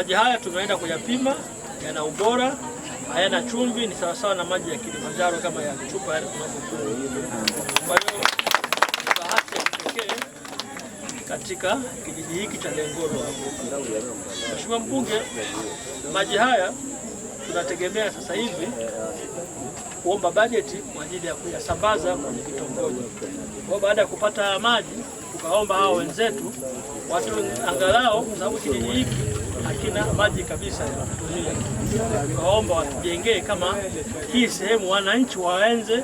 Maji haya tumeenda kuyapima, yana ubora, hayana chumvi, ni sawasawa na maji ya Kilimanjaro kama ya chupa yale tunapokunywa. Kwa hiyo bahati ya kipekee katika kijiji hiki cha Lengolwa. Mheshimiwa Mbunge, maji haya tunategemea sasa hivi kuomba bajeti kwa ajili ya kuyasambaza kwenye kitongoji. Kwa baada ya kupata maji, tukaomba hao wenzetu watu angalau, sababu kijiji hiki hakina maji kabisa ya kutumia. Tukaomba watujengee kama hii sehemu, wananchi waanze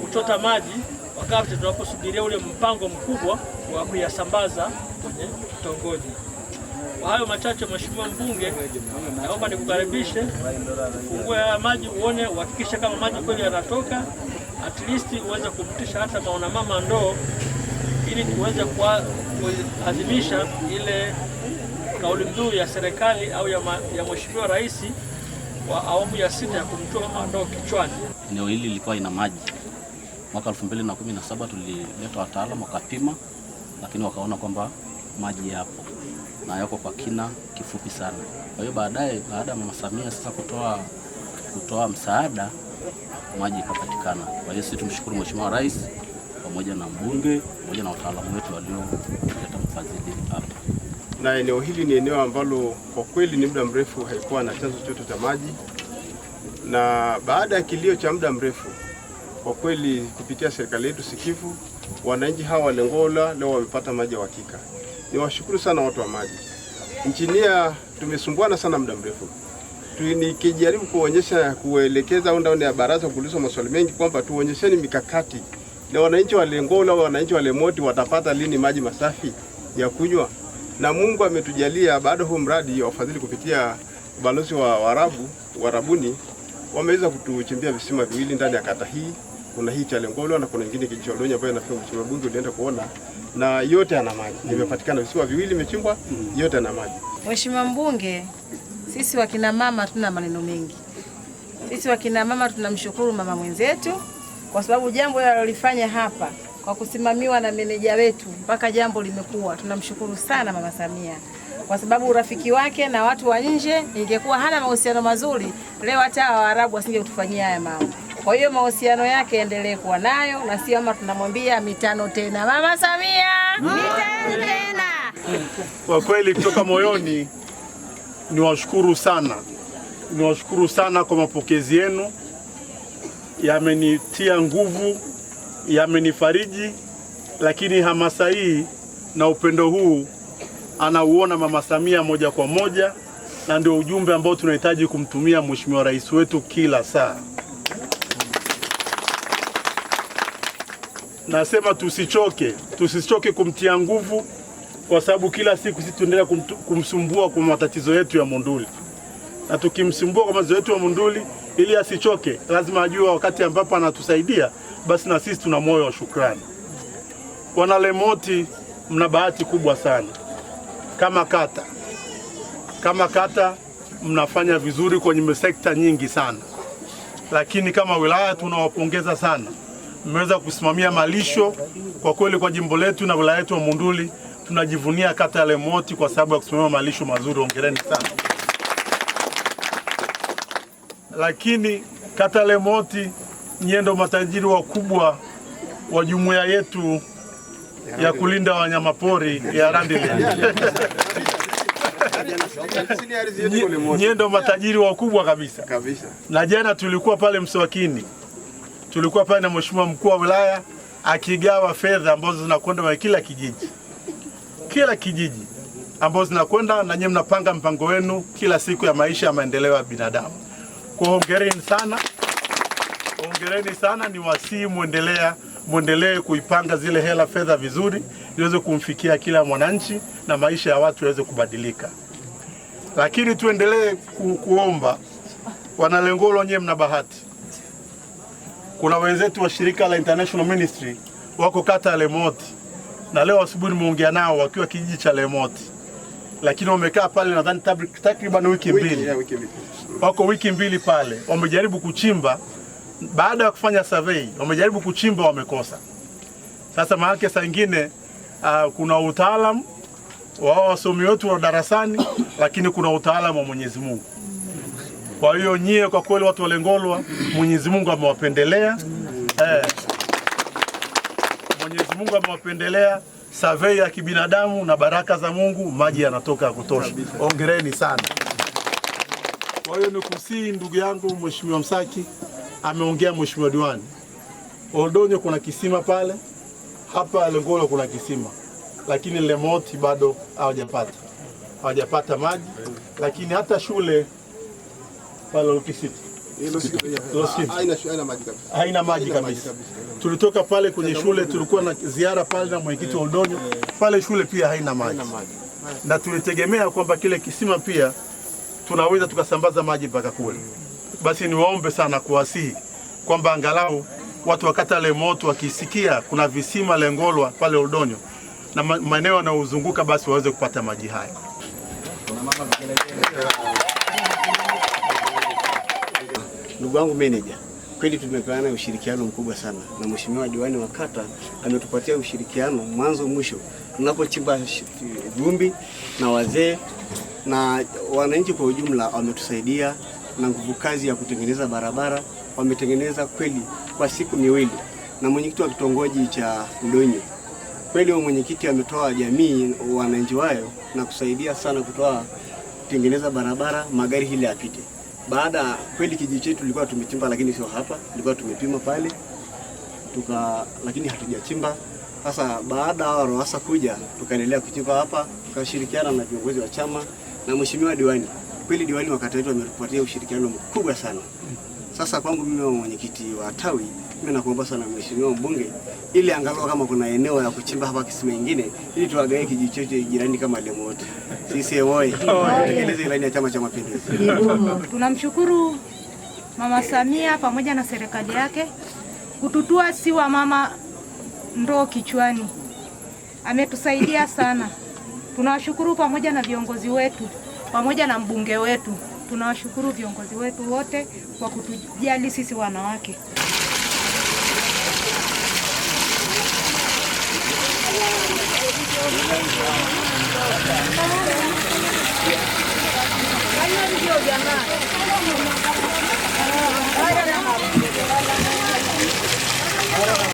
kuchota maji wakati tunaposubiria ule mpango mkubwa wa kuyasambaza kwenye kitongoji. Kwa hayo machache, Mheshimiwa Mbunge, naomba nikukaribishe ufungue haya maji uone, uhakikishe kama maji kweli yanatoka, at least uweze kumtisha hata maona mama ndoo ili tuweze kuadhimisha ile kauli mbiu ya serikali au ya, ya Mheshimiwa Rais wa awamu ya sita ya kumtoa ndoo kichwani. Eneo hili lilikuwa ina maji mwaka 2017 tulileta wataalamu wakapima, lakini wakaona kwamba maji yapo na yako kwa kina kifupi sana. Kwa hiyo baadaye, baada ya mama Samia sasa kutoa kutoa msaada, maji ikapatikana. Kwa hiyo sisi tumshukuru Mheshimiwa Rais pamoja na mbunge pamoja na wataalamu wetu walioleta mfadhili hapa na eneo hili ni eneo ambalo kwa kweli ni muda mrefu haikuwa na chanzo chote cha maji, na baada ya kilio cha muda mrefu, kwa kweli kupitia serikali yetu sikivu, wananchi hawa Lengola leo wamepata maji ya uhakika. Niwashukuru sana watu wa maji nchinia, tumesumbuana sana muda mrefu nikijaribu kuonyesha kuelekeza au ndani ya baraza kuuliza maswali mengi kwamba tuonyesheni mikakati na wananchi wa Lengola, wananchi wa Lemoti watapata lini maji masafi ya kunywa na Mungu ametujalia bado huu mradi wa ufadhili kupitia ubalozi wa Waarabu Warabuni wameweza kutuchimbia visima viwili ndani ya kata hii. Kuna hii cha Lengolwa na kuna nyingine Kichodonyo ambayo nafikiri mheshimiwa bunge ulienda kuona, na yote yana maji mm. Imepatikana visima viwili vimechimbwa mm. Yote yana maji. Mheshimiwa mbunge, sisi wakina mama tuna maneno mengi. Sisi wakina mama tunamshukuru mama mwenzetu kwa sababu jambo alilofanya hapa kwa kusimamiwa na meneja wetu, mpaka jambo limekuwa. Tunamshukuru sana Mama Samia kwa sababu urafiki wake na watu wa nje, ingekuwa hana mahusiano mazuri leo hata Waarabu wasinge kutufanyia haya mambo. Kwa hiyo mahusiano yake endelee kuwa nayo, na si ama tunamwambia mitano tena Mama Samia, mitano tena. Kwa kweli kutoka moyoni niwashukuru sana, niwashukuru sana kwa mapokezi yenu, yamenitia nguvu yamenifariji, lakini hamasa hii na upendo huu anauona Mama Samia moja kwa moja, na ndio ujumbe ambao tunahitaji kumtumia Mheshimiwa Rais wetu kila saa. Nasema tusichoke, tusichoke kumtia nguvu, kwa sababu kila siku sisi tuendelea kumsumbua kwa matatizo yetu ya Monduli, na tukimsumbua kwa matatizo yetu ya Monduli ili asichoke, lazima ajue wakati ambapo anatusaidia basi na sisi tuna moyo wa shukrani. Wanalemoti, mna bahati kubwa sana kama kata, kama kata mnafanya vizuri kwenye sekta nyingi sana, lakini kama wilaya tunawapongeza sana, mmeweza kusimamia malisho kwa kweli. Kwa jimbo letu na wilaya yetu ya Monduli tunajivunia kata ya Lemoti kwa sababu ya kusimamia malisho mazuri, hongereni sana. Lakini kata Lemoti nyie ndo matajiri wakubwa wa jumuiya yetu ya kulinda wanyamapori ya Randile. Nyie ndo matajiri wakubwa kabisa. Na jana tulikuwa pale Mswakini, tulikuwa pale na mheshimiwa mkuu wa wilaya akigawa fedha ambazo zinakwenda kila kijiji, kila kijiji ambazo zinakwenda na nyie mnapanga mpango wenu kila siku ya maisha ya maendeleo ya binadamu. Kwa hongereni sana ongereni sana, ni wasii mwendelea mwendelee kuipanga zile hela fedha vizuri, iweze kumfikia kila mwananchi na maisha ya watu yaweze kubadilika. Lakini tuendelee ku, kuomba wanalengolo, nyewe mna bahati, kuna wenzetu wa shirika la International Ministry wako kata ya Lemoti, na leo asubuhi nimeongea nao wakiwa kijiji cha Lemoti, lakini wamekaa pale nadhani takriban wiki mbili, wako wiki mbili pale, wamejaribu kuchimba baada ya kufanya survey wamejaribu kuchimba, wamekosa. Sasa maanake saa ingine uh, kuna utaalamu wao wasomi wetu wa darasani, lakini kuna utaalamu wa Mwenyezi Mungu. Kwa hiyo nyie, kwa kweli watu wa Lengolwa Mwenyezi Mungu amewapendelea eh, Mwenyezi Mungu amewapendelea survey ya kibinadamu na baraka za Mungu, maji yanatoka ya kutosha. ongereni sana. Kwa hiyo nikusii ndugu yangu Mheshimiwa Msaki ameongea mheshimiwa diwani. Oldonyo kuna kisima pale, hapa Lengolo kuna kisima, lakini Lemoti bado hawajapata hawajapata maji, lakini hata shule pale Olkisiti haina maji kabisa. Tulitoka pale kwenye shule, tulikuwa na ziara pale na mwenyekiti wa eh. Oldonyo eh. pale, shule pia haina maji, na tulitegemea kwamba kile kisima pia tunaweza tukasambaza maji mpaka kule basi niwaombe sana kuwasihi kwamba angalau watu wa kata moto wakisikia kuna visima Lengolwa pale Oldonyo na maeneo yanayozunguka basi waweze kupata maji haya. Ndugu wangu meneja, kweli tumepeana ushirikiano mkubwa sana na mheshimiwa diwani wa kata ametupatia ushirikiano mwanzo mwisho, tunapochimba vumbi na wazee na wananchi kwa ujumla wametusaidia na nguvu kazi ya kutengeneza barabara. Wametengeneza kweli kwa siku miwili, na mwenyekiti wa kitongoji cha Mdonyo kweli, huyo mwenyekiti ametoa jamii wananchi wayo na kusaidia sana kutoa kutengeneza barabara magari hili yapite. Baada kweli kijiji chetu tulikuwa tumechimba, lakini sio hapa, tulikuwa tumepima pale tuka, lakini hatujachimba sasa baada ya RUWASA kuja tukaendelea kuchimba hapa, tukashirikiana na viongozi wa chama na mheshimiwa diwani. Kweli diwani wa kata yetu ushirikiano mkubwa sana. Sasa kwangu mimi mwenyekiti wa tawi, mimi nakuomba sana mheshimiwa mbunge, ili angalau kama kuna eneo ya kuchimba hapa kisima kingine, ili tuagae kijiji chote jirani kama lemo wote sisi woye tutekeleze ilani ya Chama cha Mapinduzi. Tunamshukuru Mama Samia pamoja na serikali yake kututua si wa mama ndoo kichwani, ametusaidia sana. Tunawashukuru pamoja na viongozi wetu pamoja na mbunge wetu. Tunawashukuru viongozi wetu wote kwa kutujali sisi wanawake.